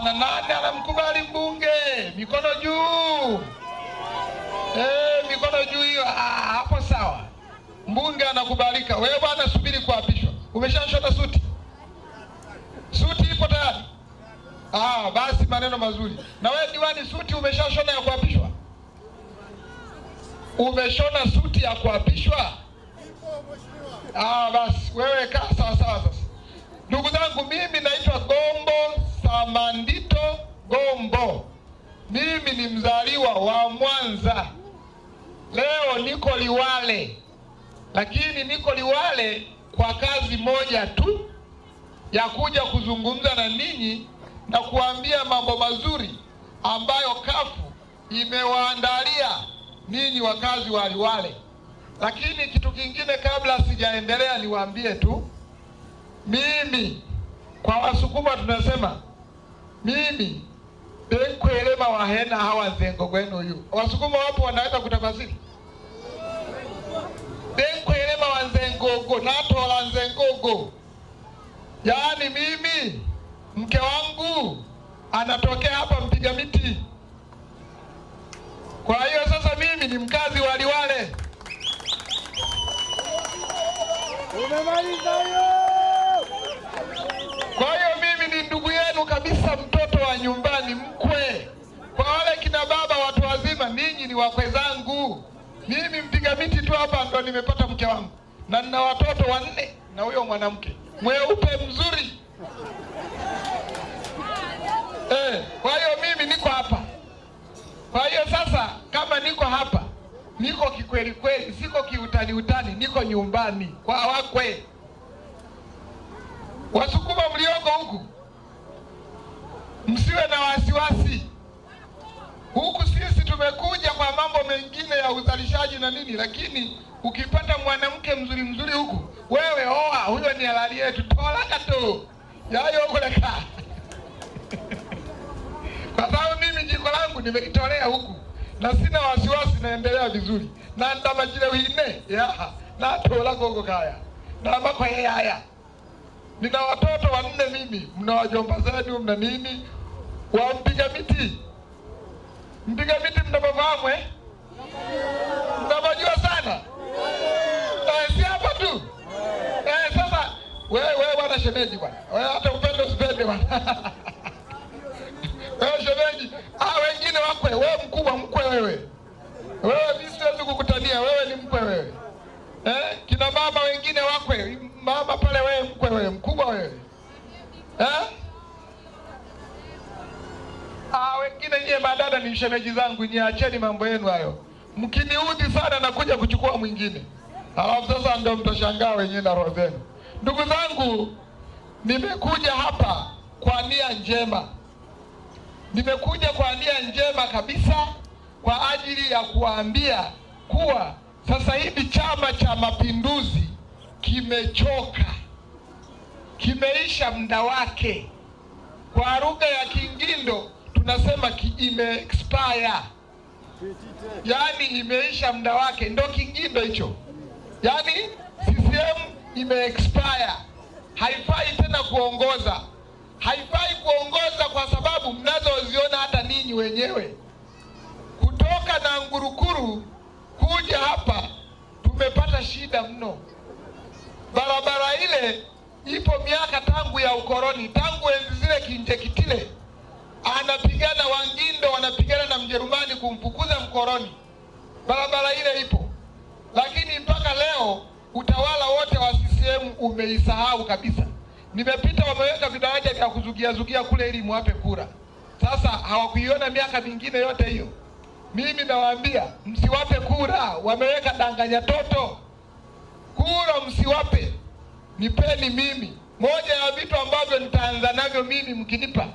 Bwana, nani anamkubali mbunge? Mikono juu. E, mikono juu hiyo. Ah, hapo sawa, mbunge anakubalika. Wewe bwana, subiri kuapishwa. Umeshashona suti? Suti ipo tayari? Ah, basi maneno mazuri. Na wewe diwani, suti umeshashona ya kuapishwa? Umeshona suti ya kuapishwa? Ah, basi wewe kaa sawa sawa. Sasa ndugu zangu, mimi naitwa Gombo Samandito Gombo. Mimi ni mzaliwa wa Mwanza, leo niko Liwale, lakini niko Liwale kwa kazi moja tu ya kuja kuzungumza na ninyi na kuambia mambo mazuri ambayo kafu imewaandalia ninyi wakazi wa Liwale. Lakini kitu kingine kabla sijaendelea, niwaambie tu, mimi kwa Wasukuma tunasema mimi nkwelema wahena hawa nzengo gwenu yu wasukuma wapo wanaweza kutafasiri nkwelema wanzengogo natola nzengogo yaani mimi mke wangu anatokea hapa mpiga miti kwa hiyo sasa mimi ni mkazi wa Liwale. Umemaliza hiyo. Kwa hiyo wakwe zangu. Mimi mpiga miti tu hapa ndo nimepata mke wangu, na nina watoto wanne na huyo mwanamke mweupe mzuri eh. Kwa hiyo mimi niko hapa. Kwa hiyo sasa, kama niko hapa, niko kikweli kweli, siko kiutani utani, niko nyumbani kwa wakwe. ya uzalishaji na nini, lakini ukipata mwanamke mzuri mzuri huku, wewe oa, huyo ni halali yetu, tolaka tu yayo huko kwa sababu mimi jiko langu nimekitolea huku na sina wasiwasi, naendelea vizuri na ndamajile wine yaha na tola koko kaya na mako yaya. Nina watoto wanne mimi, mna wajomba zenu, mna nini, wampiga miti mpiga miti mnapofahamu eh mnapojua sana si hapa tu. Eh, sasa wewe bwana shemeji bwana, wewe hata upende usipende bwana wewe shemeji, ah, wengine wakwe, wewe mkubwa mkwe wewe wewe, mimi siwezi kukutania wewe, ni mkwe wewe eh, kina mama wengine wakwe, mama pale, wewe mkwe wewe, mkubwa wewe eh? Ah, wengine nyie madada ni mshemeji zangu, niacheni mambo yenu hayo mkiniudhi sana nakuja kuchukua mwingine, alafu sasa ndo mtashangaa wenyewe na roho zenu. Ndugu zangu, nimekuja hapa kwa nia njema, nimekuja kwa nia njema kabisa kwa ajili ya kuwaambia kuwa sasa hivi Chama cha Mapinduzi kimechoka, kimeisha muda wake. Kwa lugha ya Kingindo tunasema ki ime expire yaani imeisha muda wake, ndo kingindo hicho. Yaani CCM imeexpire, haifai tena kuongoza, haifai kuongoza kwa sababu mnazoziona hata ninyi wenyewe, kutoka na Ngurukuru kuja hapa tumepata shida mno. Barabara ile ipo miaka tangu ya ukoloni, tangu enzi zile Kinjekitile anapigana, Wangindo wanapigana na Mjerumani kumfukuza mkoroni, barabara ile ipo, lakini mpaka leo utawala wote wa CCM umeisahau kabisa. Nimepita, wameweka vidaraja vya kuzugiazugia kule ili mwape kura. Sasa hawakuiona miaka mingine yote hiyo. Mimi nawaambia msiwape kura, wameweka danganya toto kura, msiwape, nipeni mimi. Moja ya vitu ambavyo nitaanza navyo mimi mkinipa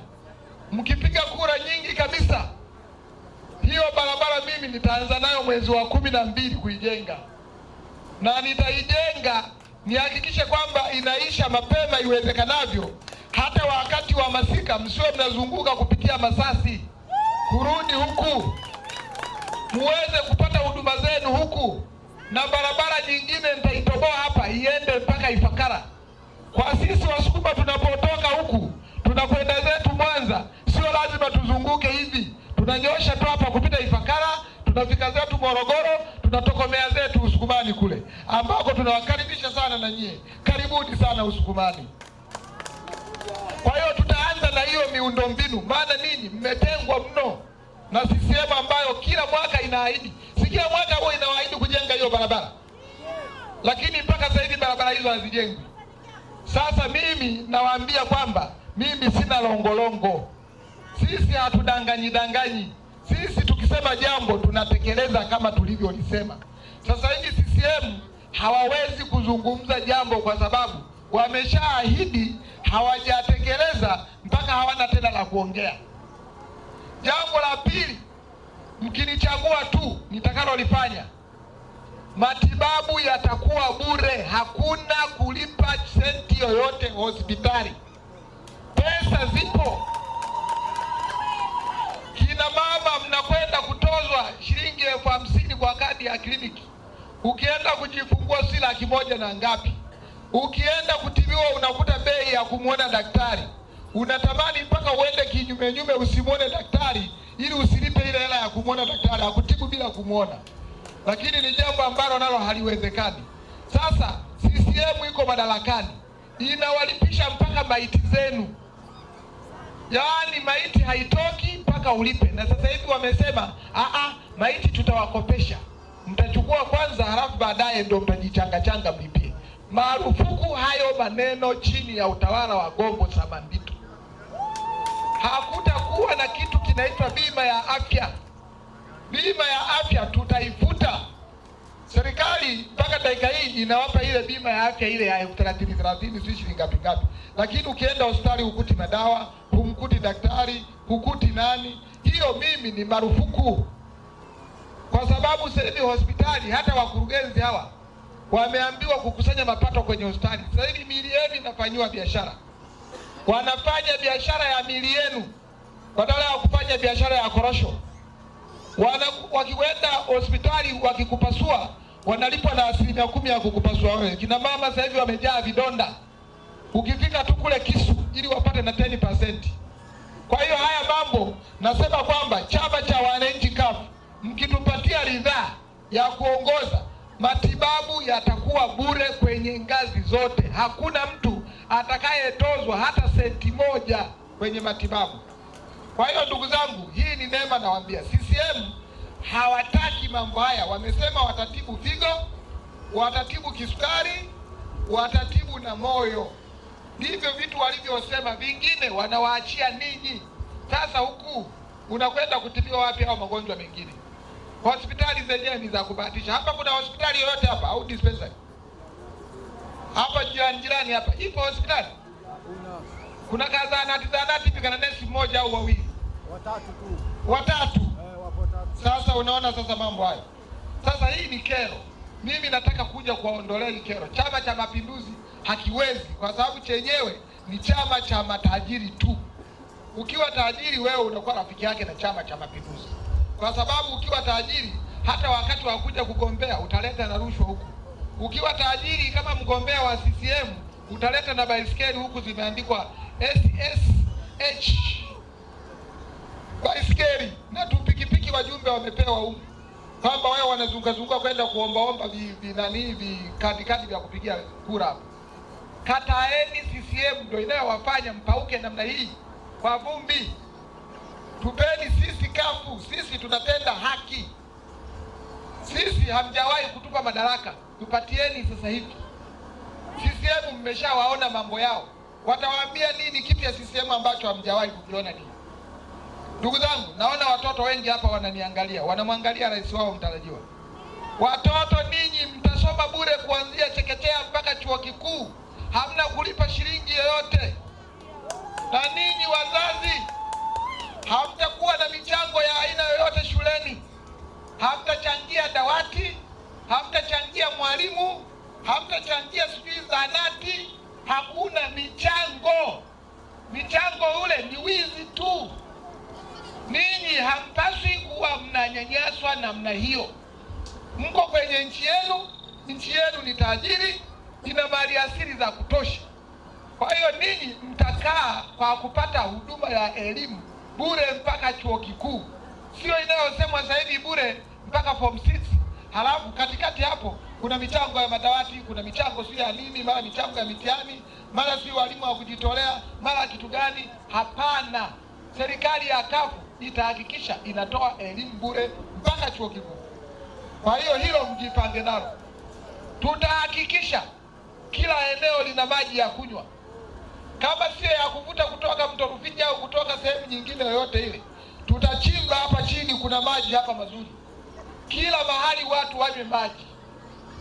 nitaanza nayo mwezi wa kumi na mbili kuijenga, na nitaijenga nihakikishe kwamba inaisha mapema iwezekanavyo. Hata wakati wa masika msiwe mnazunguka kupitia Masasi kurudi huku, muweze kupata huduma zenu huku, na barabara nyingine nitaitoboa hapa iende mpaka Ifakara. Kwa sisi Wasukuma tunapotoka huku tunakwenda zetu Mwanza, sio lazima tuzunguke hivi, tunanyosha tu hapa kupita Ifakara fika zetu Morogoro, tutatokomea zetu Usukumani kule ambako tunawakaribisha sana na nyie, karibuni sana Usukumani. Kwa hiyo tutaanza na hiyo miundombinu, maana ninyi mmetengwa mno na CCM ambayo kila mwaka inaahidi, si kila mwaka huwa inawaahidi kujenga hiyo barabara, lakini mpaka sasa hivi barabara hizo hazijengwi. Sasa mimi nawaambia kwamba mimi sina longolongo, sisi hatudanganyi danganyi tukisema jambo tunatekeleza kama tulivyolisema. Sasa hivi CCM hawawezi kuzungumza jambo kwa sababu wameshaahidi hawajatekeleza, mpaka hawana tena la kuongea. Jambo la pili, mkinichagua tu, nitakalolifanya matibabu yatakuwa bure, hakuna kulipa senti yoyote hospitali. Pesa zipo, kina mama mnakuwa shilingi elfu hamsini kwa kadi ya kliniki. Ukienda kujifungua si laki moja na ngapi? Ukienda kutibiwa unakuta bei ya kumwona daktari, unatamani mpaka uende kinyumenyume usimwone daktari ili usilipe ile hela ya kumwona daktari, akutibu bila kumwona. Lakini ni jambo ambalo nalo haliwezekani. Sasa CCM iko madarakani, inawalipisha mpaka maiti zenu, yaani maiti haitoki mpaka ulipe. Na sasa hivi wamesema aa, ah, ah, maiti tutawakopesha, mtachukua kwanza, halafu baadaye mtajichanga mtajichangachanga mlipie. Marufuku hayo maneno chini ya utawala wa Gombo Samandito. Hakutakuwa na kitu kinaitwa bima ya afya. Bima ya afya tutaifuta. Serikali mpaka dakika hii inawapa ile bima ya afya ile ya elfu thelathini thelathini, si shilingi ngapi ngapi, lakini ukienda hospitali hukuti madawa, humkuti daktari, hukuti nani. Hiyo mimi ni marufuku, kwa sababu sasa hospitali hata wakurugenzi hawa wameambiwa kukusanya mapato kwenye hospitali. Sasa hivi mili yenu inafanyiwa biashara, wanafanya biashara ya mili yenu badala ya kufanya biashara ya korosho. Wakikwenda hospitali wakikupasua wanalipwa na asilimia kumi ya kukupasua wewe. Kina mama sasa hivi wamejaa vidonda, ukifika tu kule kisu ili wapate na 10%. Kwa hiyo haya mambo nasema kwamba chama cha wananchi kafu, mkitupatia ridhaa ya kuongoza, matibabu yatakuwa bure kwenye ngazi zote. Hakuna mtu atakayetozwa hata senti moja kwenye matibabu. Kwa hiyo ndugu zangu, hii ni neema, nawaambia CCM hawataki mambo haya. Wamesema watatibu figo, watatibu kisukari, watatibu na moyo. Ndivyo vitu walivyosema, vingine wanawaachia ninyi. Sasa huku unakwenda kutibiwa wapi au magonjwa mengine? Hospitali zenyewe ni za kubahatisha. Hapa kuna hospitali yoyote hapa au dispensary hapa jirani jirani hapa ipo hospitali? Kuna kazanati zanati hivi, nesi mmoja au wawili watatu tu watatu sasa unaona sasa mambo hayo. Sasa hii ni kero. Mimi nataka kuja kuwaondolea hii kero. Chama cha Mapinduzi hakiwezi kwa sababu chenyewe ni chama cha matajiri tu. Ukiwa tajiri wewe unakuwa rafiki yake na chama cha Mapinduzi, kwa sababu ukiwa tajiri hata wakati wa kuja kugombea utaleta na rushwa huku. Ukiwa tajiri kama mgombea wa CCM utaleta na baiskeli huku zimeandikwa SSH baiskeli na tu pikipiki, wajumbe wamepewa huko kwamba wao wanazungazunga kwenda kuombaomba vinanii vikadikadi vya kupigia kura hapa. Kataeni, CCM ndio inayowafanya mpauke namna hii kwa vumbi. Tupeni sisi kafu, sisi tunatenda haki, sisi hamjawahi kutupa madaraka, tupatieni sasa hivi. CCM mmeshawaona mambo yao, watawaambia nini? kipya ya CCM ambacho hamjawahi kukiona nini? Ndugu zangu, naona watoto wengi hapa wananiangalia, wanamwangalia rais wao mtarajiwa. Watoto ninyi mtasoma bure kuanzia chekechea mpaka chuo kikuu, hamna kulipa shilingi yoyote, na ninyi wazazi hamtakuwa na michango ya aina yoyote shuleni, hamtachangia dawati, hamtachangia mwalimu, hamtachangia sijui zanati, hakuna michango. Michango ule ni wizi tu ninyi hampaswi kuwa mnanyanyaswa namna hiyo. Mko kwenye nchi yenu, nchi yenu ni tajiri, ina mali asili za kutosha. Kwa hiyo ninyi mtakaa kwa kupata huduma ya elimu bure mpaka chuo kikuu, sio inayosemwa sasa hivi bure mpaka form 6 halafu katikati hapo kuna michango ya madawati, kuna michango sio ya nini, mara michango ya mitihani, mara sio walimu wa kujitolea, mara kitu gani. Hapana, serikali ya kafu itahakikisha inatoa elimu bure mpaka chuo kikuu. Kwa hiyo hilo mjipange nalo, tutahakikisha kila eneo lina maji ya kunywa, kama sio ya kuvuta kutoka mto Rufiji au kutoka sehemu nyingine yoyote ile. Tutachimba hapa chini, kuna maji hapa mazuri, kila mahali watu wanywe maji.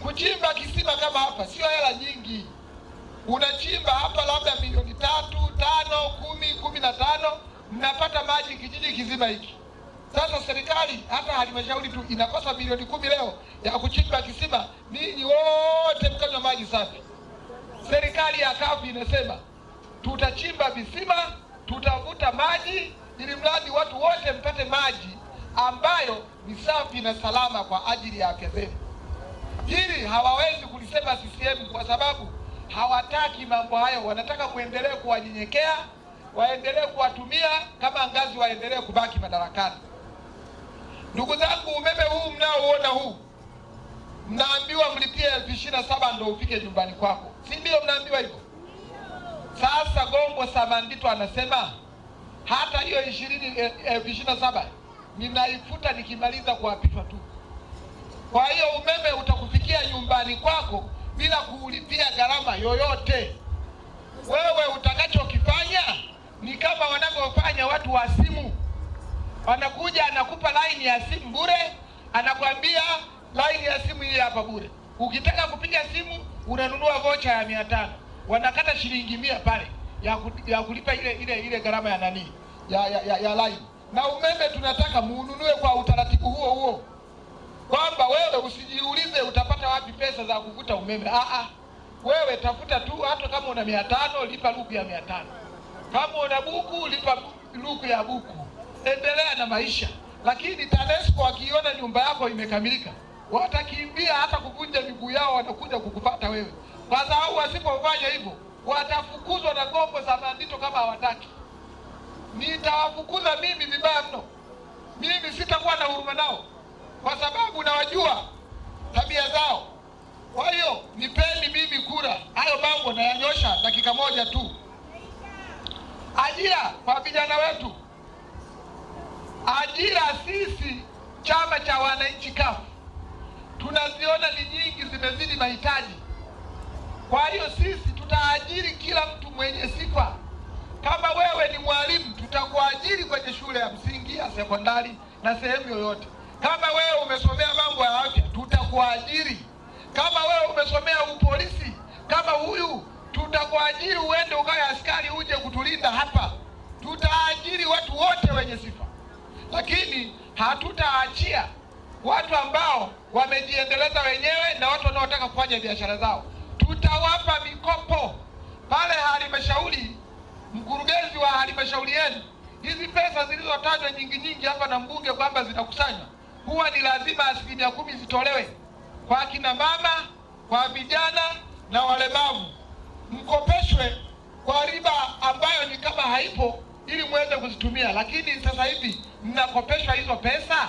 Kuchimba kisima kama hapa sio hela nyingi, unachimba hapa labda milioni tatu, tano, kumi, kumi na tano mnapata maji kijiji kizima hiki. Sasa serikali hata halmashauri tu inakosa milioni kumi leo ya kuchimba kisima, ninyi wote mkanywa maji safi. Serikali ya kafu inasema tutachimba visima, tutavuta maji, ili mradi watu wote mpate maji ambayo ni safi na salama kwa ajili ya afya zenu. Hili hawawezi kulisema CCM kwa sababu hawataki mambo hayo, wanataka kuendelea kuwanyenyekea waendelee kuwatumia kama ngazi, waendelee kubaki madarakani. Ndugu zangu, umeme huu mnaouona huu, mnaambiwa mlipie elfu ishirini na saba ndo ufike nyumbani kwako, si ndio? Mnaambiwa hivyo. Sasa Gombo Samandito anasema hata hiyo ishirini eh, elfu ishirini na saba ninaifuta nikimaliza kuwapitwa tu. Kwa hiyo umeme utakufikia nyumbani kwako bila kuulipia gharama yoyote. Wewe utakachokifanya ni kama wanavyofanya watu wa simu. Wanakuja anakupa laini ya simu bure, anakwambia laini ya simu hii hapa bure, ukitaka kupiga simu unanunua vocha ya mia tano, wanakata shilingi mia pale ya, ku, ya kulipa ile ile ile gharama ya nani ya, ya, ya, ya laini. Na umeme tunataka muununue kwa utaratibu huo huo kwamba wewe usijiulize utapata wapi pesa za kuvuta umeme. Aa, ah, ah. wewe tafuta tu, hata kama una mia tano lipa rubi ya mia tano. Kama una buku, lipa luku ya buku, endelea na maisha. Lakini TANESCO akiona nyumba yako imekamilika, watakimbia hata kuvunja miguu yao, wanakuja kukupata wewe, kwa sababu wasipofanya hivyo watafukuzwa na gombo za Mandito kama hawataki. Nitawafukuza mimi vibaya mno. Mimi sitakuwa na huruma nao, kwa sababu nawajua tabia zao. Kwa hiyo nipeni mimi kura. Hayo mambo nayanyosha dakika moja tu ajira kwa vijana wetu, ajira sisi chama cha wananchi kafu tunaziona ni nyingi, zimezidi mahitaji. Kwa hiyo sisi tutaajiri kila mtu mwenye sifa. Kama wewe ni mwalimu, tutakuajiri kwenye shule ya msingi, ya sekondari na sehemu yoyote. Kama wewe umesomea mambo ya afya, tutakuajiri. Kama wewe umesomea upolisi kama huyu Tutakuajiri uende ukawe askari uje kutulinda hapa. Tutaajiri watu wote wenye sifa, lakini hatutaachia watu ambao wamejiendeleza wenyewe na watu wanaotaka kufanya biashara zao. Tutawapa mikopo pale halmashauri. Mkurugenzi wa halmashauri yenu, hizi pesa zilizotajwa nyingi nyingi hapa na mbunge kwamba zinakusanywa, huwa ni lazima asilimia kumi zitolewe kwa akina mama, kwa vijana na walemavu mkopeshwe kwa riba ambayo ni kama haipo, ili muweze kuzitumia. Lakini sasa hivi mnakopeshwa hizo pesa,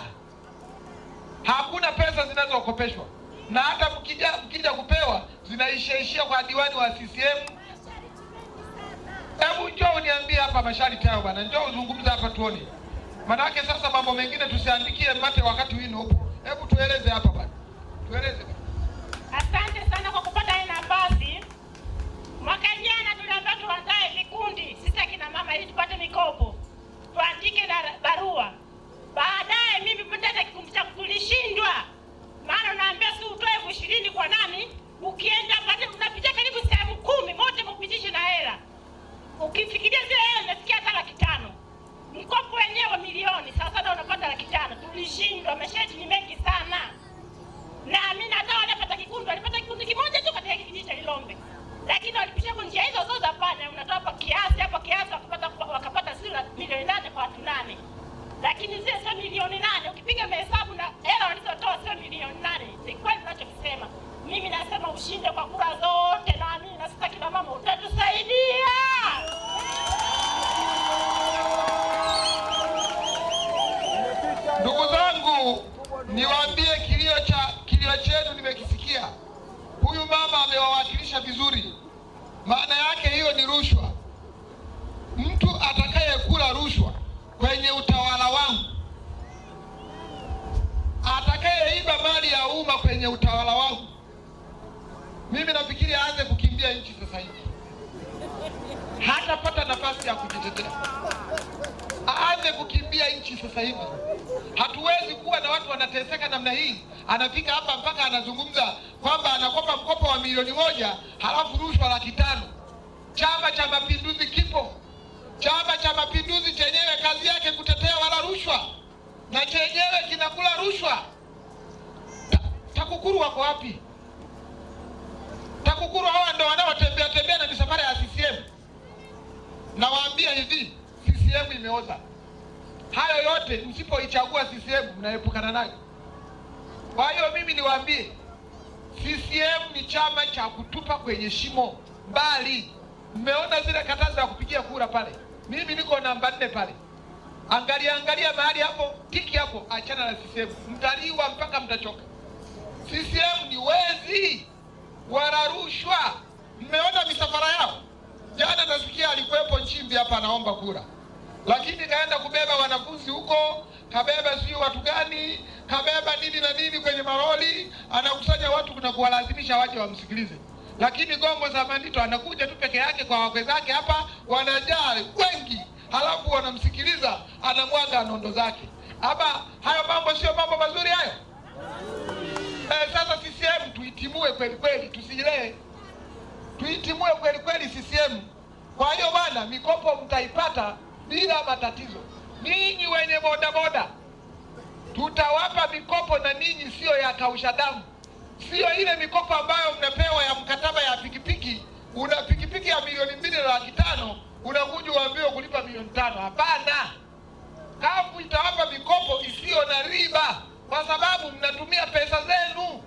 hakuna pesa zinazokopeshwa, na hata mkija mkija kupewa zinaishaishia kwa diwani wa CCM. Hebu njoo uniambie hapa masharti hayo bwana, njoo uzungumza hapa tuone, manake sasa mambo mengine tusiandikie mate wakati wino upo. Hebu tueleze hapa bwana, tueleze. Asante sana kwa kupata hii nafasi. Mwaka jana tuliambiwa tuandae vikundi sisi akina mama ili tupate mikopo, tuandike na barua. Baadaye mimi pata kikundi cha kulishindwa, maana unaambia si utoe elfu ishirini kwa nani, ukienda pate unapitia karibu sehemu kumi mote mkupitishe na hela, ukifikiria zile hela unasikia hata laki tano mkopo wenyewe milioni sasa unapata laki tano. Tulishindwa, maisha ni mengi sana, na mimi hata walipata kikundi, walipata kikundi kimoja tu katika kijiji cha Ilombe lakini walipisha kunjia hizo zote za panya, unatoa kwa kiasi hapa kiasi, wakapata wakapata zile milioni nane kwa watu nane, lakini zile sio milioni nane. Ukipiga mahesabu na hela walizotoa sio milioni nane. Ni kweli ninachokisema mimi, nasema ushinde kwa kura zote, naamini na sasa, kina mama utatusaidia. Ndugu zangu, niwaambie kilio cha kilio chenu nimekisikia. Huyu mama amewawakilisha vizuri. Maana yake hiyo ni rushwa. Mtu atakayekula rushwa kwenye utawala wangu, atakayeiba mali ya umma kwenye utawala wangu, mimi nafikiri aanze kukimbia nchi sasa hivi, hatapata nafasi ya kujitetea aanze kukimbia nchi sasa hivi. Hatuwezi kuwa na watu wanateseka namna hii. Anafika hapa mpaka anazungumza kwamba anakopa mkopo wa milioni moja halafu rushwa laki tano. Chama cha Mapinduzi kipo. Chama cha Mapinduzi chenyewe kazi yake kutetea wala rushwa, na chenyewe kinakula rushwa. TAKUKURU wako wapi? TAKUKURU hawa ndo wanaotembea tembea na misafara ya CCM. Nawaambia hivi CCM imeoza. Hayo yote msipoichagua CCM mnaepukana nayo. Kwa hiyo mimi niwaambie, CCM ni chama cha kutupa kwenye shimo mbali. Mmeona zile katazo za kupigia kura pale, mimi niko namba nne pale, angalia angalia mahali hapo, tiki hapo, achana na CCM, mtaliwa mpaka mtachoka. CCM ni wezi, wala rushwa. Mmeona misafara yao jana, nasikia alikuwepo Nchimbi hapa anaomba kura lakini kaenda kubeba wanafunzi huko, kabeba sijui watu gani, kabeba nini na nini kwenye maroli, anakusanya watu na kuwalazimisha waje wamsikilize. Lakini Gombo za Mandito anakuja tu peke yake kwa wakwe zake hapa, wanajaa wengi, halafu wanamsikiliza, anamwaga nondo zake hapa. Hayo mambo sio mambo mazuri hayo. Eh, sasa CCM tuitimue kweli kweli, tusilee, tuitimue kweli kweli CCM. Kwa hiyo bwana, mikopo mtaipata bila matatizo. Ninyi wenye bodaboda tutawapa mikopo na ninyi siyo ya kausha damu, siyo ile mikopo ambayo mnapewa ya mkataba ya pikipiki. Una pikipiki ya milioni mbili na laki tano unakuja uambiwe kulipa milioni tano. Hapana, kafu itawapa mikopo isiyo na riba, kwa sababu mnatumia pesa zenu.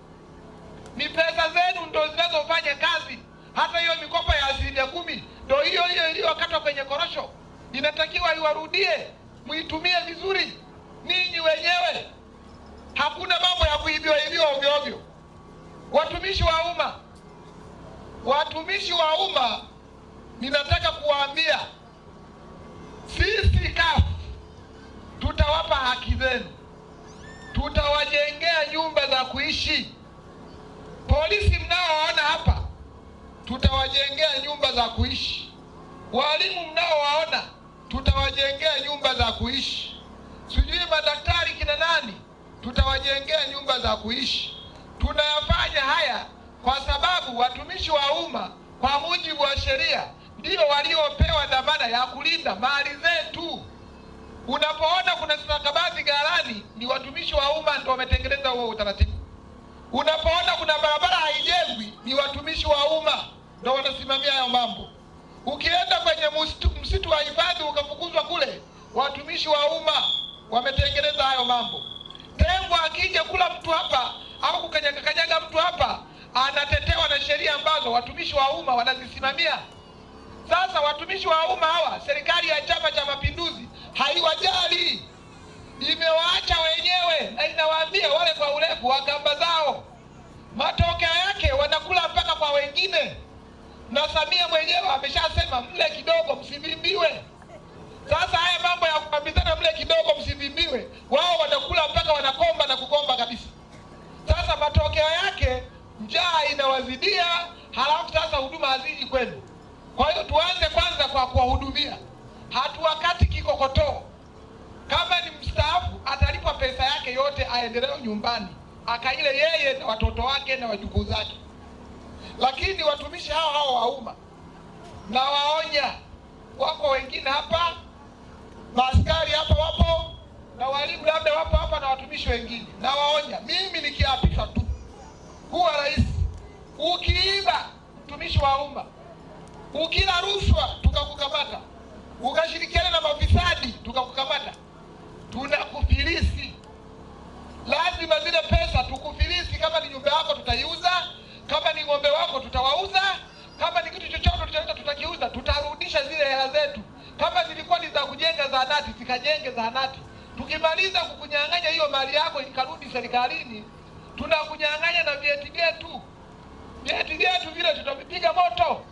Ni pesa zenu ndo zinazofanya kazi. Hata hiyo mikopo ya asilimia kumi ndo hiyo hiyo iliyokatwa kwenye korosho inatakiwa iwarudie, muitumie vizuri ninyi wenyewe. Hakuna mambo ya kuibiwa ibiwa ovyo ovyo. Watumishi wa umma, watumishi wa umma, ninataka kuwaambia sisi kafu tutawapa haki zenu, tutawajengea nyumba za kuishi. Polisi mnaowaona hapa tutawajengea nyumba za kuishi. Walimu mnaowaona tutawajengea nyumba za kuishi. Sijui madaktari kina nani, tutawajengea nyumba za kuishi. Tunayafanya haya kwa sababu watumishi wa umma kwa mujibu wa sheria ndio waliopewa dhamana ya kulinda mali zetu. Unapoona kuna stakabadhi ghalani, ni watumishi wa umma ndio wametengeneza huo utaratibu. Unapoona kuna barabara haijengwi, ni watumishi wa umma ndio wanasimamia hayo mambo. Ukienda kwenye msitu, msitu wa hifadhi ukafukuzwa kule, watumishi wa umma wametengeneza hayo mambo. Tembo akija kula mtu hapa au kukanyaga mtu hapa, anatetewa na sheria ambazo watumishi wa umma wanazisimamia. Sasa watumishi wa umma hawa, serikali ya Chama cha Mapinduzi haiwajali, imewaacha wenyewe, na inawaambia wale kwa urefu wa kamba zao. Matokeo yake wanakula mpaka kwa wengine na Samia mwenyewe ameshasema mle kidogo msivimbiwe. Sasa haya mambo ya kuambizana mle kidogo msivimbiwe, wao watakula mpaka wanakomba na kukomba kabisa. Sasa matokeo yake njaa inawazidia, halafu sasa huduma haziji kwenu. Kwa hiyo tuanze kwanza kwa kuwahudumia, hatuwakati kikokotoo. Kama ni mstaafu, atalipwa pesa yake yote, aendelee nyumbani akaile yeye na watoto wake na wajukuu zake lakini watumishi hao hao wa umma na waonya, wako wengine hapa, maaskari hapa wapo na walimu labda wapo hapa na watumishi wengine, na waonya. Mimi nikiapishwa tu kuwa rais, ukiiba mtumishi wa umma, ukila rushwa tukakukamata, ukashirikiana na mafisadi tukakukamata, tunakufilisi. Lazima zile pesa tukufilisi. Kama ni nyumba yako tutaiuza kama ni ng'ombe wako tutawauza, kama ni kitu chochote tutaweza, tutakiuza, tutarudisha zile hela zetu. Kama zilikuwa ni za kujenga zahanati, zikajenge zahanati. Tukimaliza kukunyang'anya hiyo mali yako ikarudi serikalini, tunakunyang'anya na vyeti vyetu. Vyeti vyetu vile tutavipiga moto.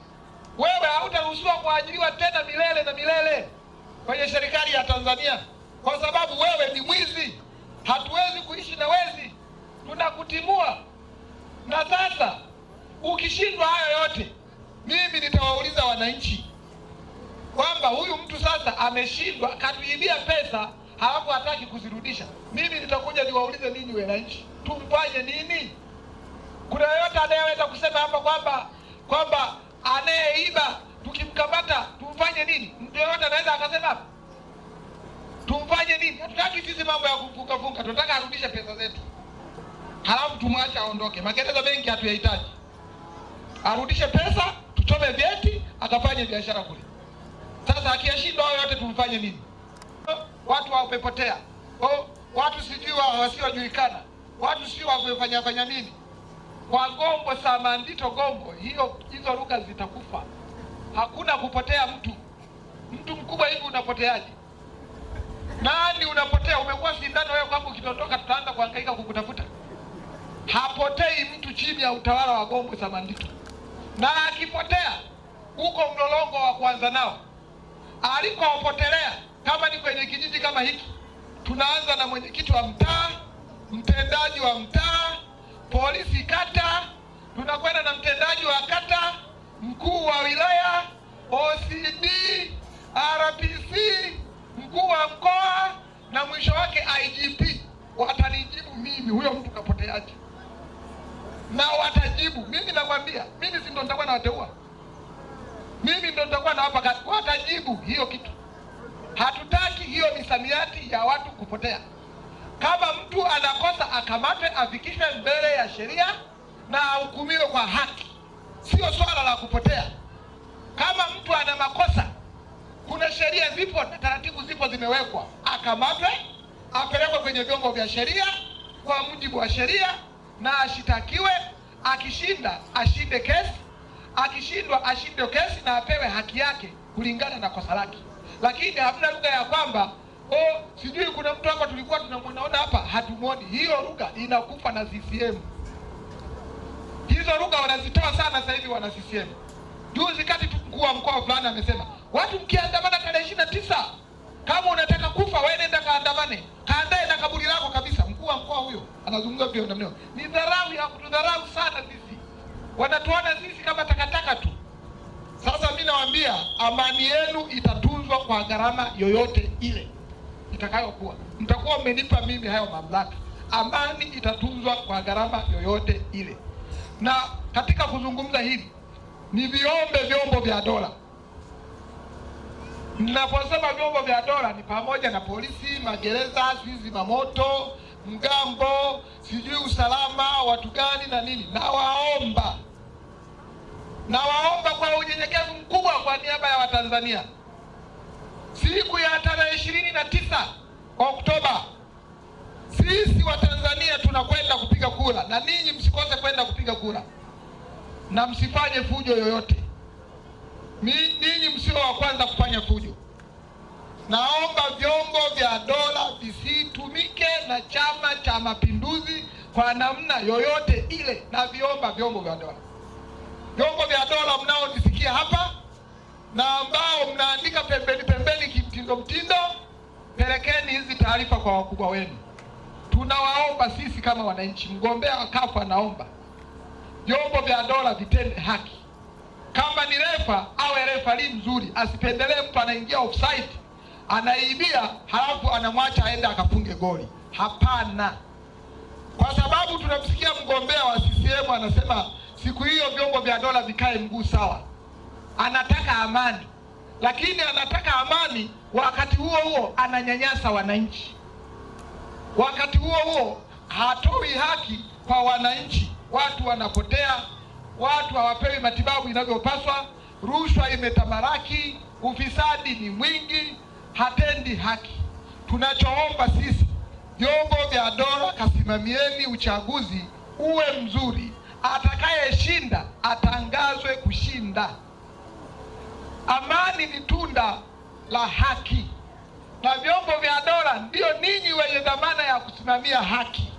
Wewe hautaruhusiwa kuajiriwa tena milele na milele kwenye serikali ya Tanzania kwa sababu wewe ni mwizi. Hatuwezi kuishi na wezi, tunakutimua. Na sasa ukishindwa hayo yote, mimi nitawauliza wananchi kwamba huyu mtu sasa ameshindwa, katuibia pesa halafu hataki kuzirudisha. Mimi nitakuja niwaulize ninyi wananchi, tumfanye nini? Kuna yoyote anayeweza kusema hapa kwamba kwamba anayeiba tukimkamata tumfanye nini? Mtu yoyote anaweza akasema hapa tumfanye nini? Hatutaki sisi mambo ya funga, tunataka arudishe pesa zetu halafu tumwache aondoke. Magereza benki hatuyahitaji, arudishe pesa, tuchome vyeti, atafanye biashara kule. Sasa akiyashindwa hayo yote tumfanye nini? Watu wamepotea, watu sijui wasiojulikana, watu sijui wamefanya fanya nini kwa Gombo Samandito Gombo, hiyo hizo lugha zitakufa. Hakuna kupotea mtu, mtu mkubwa hivi unapoteaje? Nani unapotea? Umekuwa sindano wewe, kwangu ukidondoka tutaanza kuhangaika kukutafuta. Hapotei mtu chini ya utawala wa gombwe Samandito, na akipotea huko mlolongo wa kwanza nao alikopotelea, kama ni kwenye kijiji kama hiki, tunaanza na mwenyekiti wa mtaa, mtendaji wa mtaa, polisi kata, tunakwenda na mtendaji wa kata, mkuu wa wilaya, OCD, RPC, mkuu wa mkoa na mwisho wake IGP. Watanijibu mimi huyo mtu kapoteaje? jibu. Mimi nakwambia, mimi si ndo nitakuwa nawateua, mimi ndo nitakuwa nawapa kazi, watajibu hiyo kitu. Hatutaki hiyo misamiati ya watu kupotea. Kama mtu anakosa akamate, afikishwe mbele ya sheria na ahukumiwe kwa haki, sio swala la kupotea. Kama mtu ana makosa, kuna sheria zipo na taratibu zipo zimewekwa, akamatwe, apelekwe kwenye vyombo vya sheria kwa mujibu wa sheria na ashitakiwe akishinda ashinde kesi, akishindwa ashinde kesi na apewe haki yake kulingana na kosa lake, lakini hamna lugha ya kwamba oh, sijui kuna mtu hapa tulikuwa tunamwonaona hapa hatumwoni. Hiyo lugha inakufa na CCM. Hizo lugha wanazitoa sana sasa hivi wana CCM. Juzi kati mkuu wa mkoa fulani amesema watu mkiandamana tarehe ishirini na tisa, kama unataka kufa wewe nenda kaandamane wanazungumza pia namna ni dharau ya kutudharau sana sisi, wanatuona sisi kama takataka tu. Sasa mimi nawaambia amani yenu itatunzwa kwa gharama yoyote ile itakayokuwa, mtakuwa mmenipa mimi hayo mamlaka. Amani itatunzwa kwa gharama yoyote ile, na katika kuzungumza hivi ni viombe vyombo vya dola. Ninaposema vyombo vya dola ni pamoja na polisi, magereza, zimamoto mgambo, sijui usalama, watu gani na nini. Nawaomba, nawaomba kwa unyenyekevu mkubwa, kwa niaba ya Watanzania, siku ya tarehe ishirini na tisa Oktoba sisi Watanzania tunakwenda kupiga kura, na ninyi msikose kwenda kupiga kura na msifanye fujo yoyote. Ninyi msio wa kwanza kufanya fujo. Naomba vyombo vya dola visitumike na Chama cha Mapinduzi kwa namna yoyote ile, na viomba vyombo vya dola, vyombo vya dola mnaonisikia hapa na ambao mnaandika pembeni pembeni kimtindo mtindo, pelekeni hizi taarifa kwa wakubwa wenu. Tunawaomba sisi kama wananchi, mgombea wa CUF anaomba vyombo vya dola vitende haki. Kama ni refa awe refa li mzuri, asipendelee mtu anaingia offside anaibia, halafu anamwacha aende akafunge goli. Hapana, kwa sababu tunamsikia mgombea wa CCM anasema siku hiyo vyombo vya dola vikae mguu sawa. Anataka amani, lakini anataka amani wakati huo huo ananyanyasa wananchi, wakati huo huo hatoi haki kwa wananchi. Watu wanapotea, watu hawapewi matibabu inavyopaswa, rushwa imetamaraki, ufisadi ni mwingi, hatendi haki. Tunachoomba sisi vyombo vya dola kasimamieni uchaguzi uwe mzuri, atakayeshinda atangazwe kushinda. Amani ni tunda la haki, na vyombo vya dola ndiyo ninyi wenye dhamana ya kusimamia haki.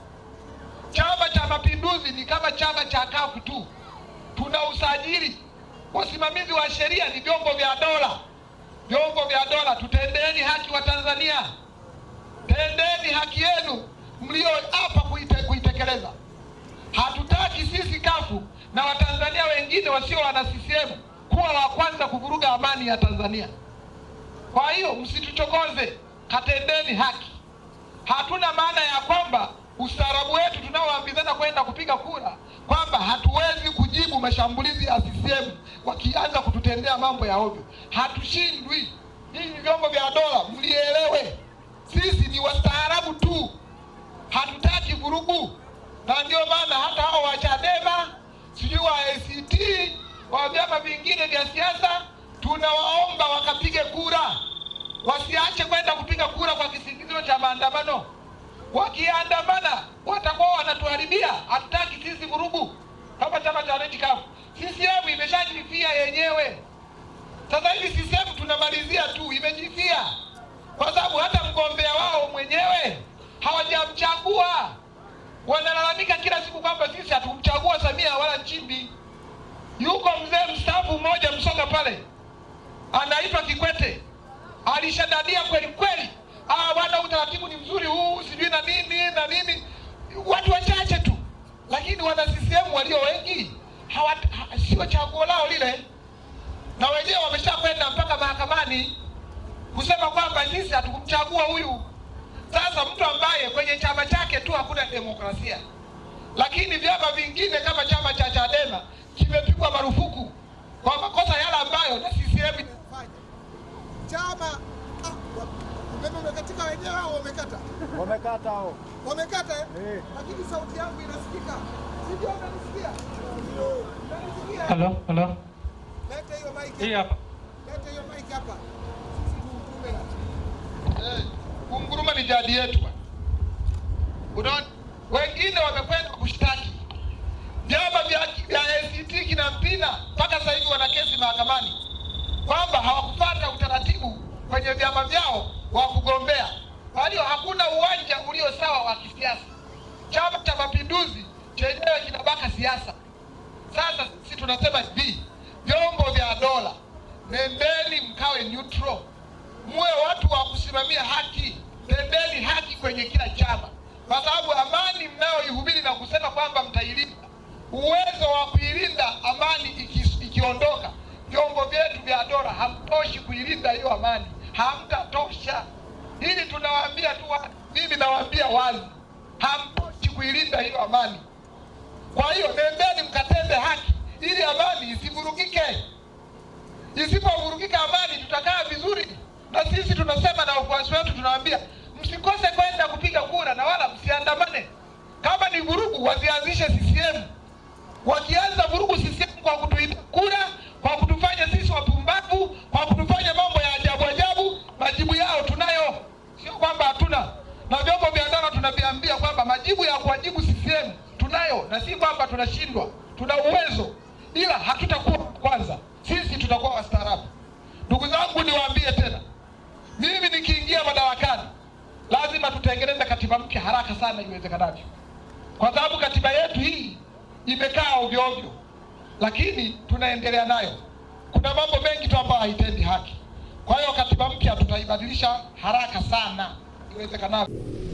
Chama cha Mapinduzi ni kama chama cha kafu tu, tuna usajili. Wasimamizi wa sheria ni vyombo vya dola. Vyombo vya dola, tutendeeni haki wa Tanzania tendeni haki yenu mlioapa kuite, kuitekeleza. Hatutaki sisi kafu na watanzania wengine wasio wana CCM kuwa wa kwanza kuvuruga amani ya Tanzania. Kwa hiyo msituchokoze, katendeni haki. Hatuna maana ya kwamba ustaarabu wetu tunaoambizana kwenda kupiga kura kwamba hatuwezi kujibu mashambulizi ya CCM wakianza kututendea mambo ya ovyo. Hatushindwi. Ninyi vyombo vya dola mlielewe. Sisi ni wastaarabu tu, hatutaki vurugu, na ndio maana hata hao wa Chadema sijui wa ACT wa vyama vingine vya siasa tunawaomba wakapige kura, wasiache kwenda kupiga kura kwa kisingizio cha maandamano. Wakiandamana watakuwa wanatuharibia. Hatutaki sisi vurugu kama chama cha Red sisiemu CCM imeshajifia yenyewe sasa hivi, CCM tunamalizia tu, imejifia kwa sababu hata mgombea wao mwenyewe hawajamchagua. Wanalalamika kila siku kwamba sisi hatukumchagua Samia wala Nchimbi. Yuko mzee mstaafu mmoja Msoga pale anaitwa Kikwete, alishadadia kweli kweli, ah, bwana utaratibu ni mzuri huu, sijui na nini na nini. Watu wachache tu, lakini wana CCM walio wengi hawa, sio chaguo lao lile, na wenyewe wameshakwenda mpaka mahakamani kusema kwamba sisi hatukumchagua huyu. Sasa mtu ambaye kwenye chama chake tu hakuna demokrasia, lakini vyama vingine kama chama cha Chadema kimepigwa marufuku kwa makosa yale ambayo na CCM chama ah, wenyewe wamekata? Wamekata hao. Wamekata eh? eh. Lakini sauti yangu inasikika. unanisikia? Halo, halo. hiyo mic. Hii hapa. hiyo mic hapa. Eh, kunguruma ni jadi yetu. Unaona, wengine wamekwenda kushtaki vyama vya ACT kina Mpina mpaka sasa hivi wana kesi mahakamani kwamba hawakupata utaratibu kwenye vyama vyao wa kugombea. Kwa hiyo hakuna uwanja ulio sawa wa kisiasa. Chama cha Mapinduzi chenyewe kinabaka siasa. Sasa sisi tunasema hivi, vyombo vya dola, nendeni mkawe neutral muwe watu wa kusimamia haki, pembeni haki kwenye kila chama, kwa sababu amani mnayoihubiri na kusema kwamba mtailinda, uwezo wa kuilinda amani iki, ikiondoka vyombo vyetu vya dola, hamtoshi kuilinda hiyo amani, hamtatosha. Hili tunawaambia tu, mimi nawaambia wazi, hamtoshi kuilinda hiyo amani. Kwa hiyo nendeni mkatende haki ili amani isivurugike. Isipovurugika amani, tutakaa vizuri na sisi tunasema na wafuasi wetu tunawaambia, msikose kwenda kupiga kura na wala msiandamane. Kama ni vurugu, wazianzishe CCM. Wakianza vurugu CCM kwa kutuibia kura, kwa kutufanya sisi wapumbavu, kwa kutufanya mambo ya ajabu ajabu, majibu yao tunayo, sio kwamba hatuna. Na vyombo vya dola tunaviambia kwamba majibu ya kuwajibu CCM tunayo, na si kwamba tunashindwa, tuna uwezo, ila hatutakuwa kwanza. Sisi tutakuwa wastaarabu. Ndugu zangu, niwaambie tena mimi nikiingia madarakani, lazima tutengeneze katiba mpya haraka sana iwezekanavyo, kwa sababu katiba yetu hii imekaa ovyo ovyo, lakini tunaendelea nayo. Kuna mambo mengi tu ambayo haitendi haki. Kwa hiyo katiba mpya tutaibadilisha haraka sana iwezekanavyo.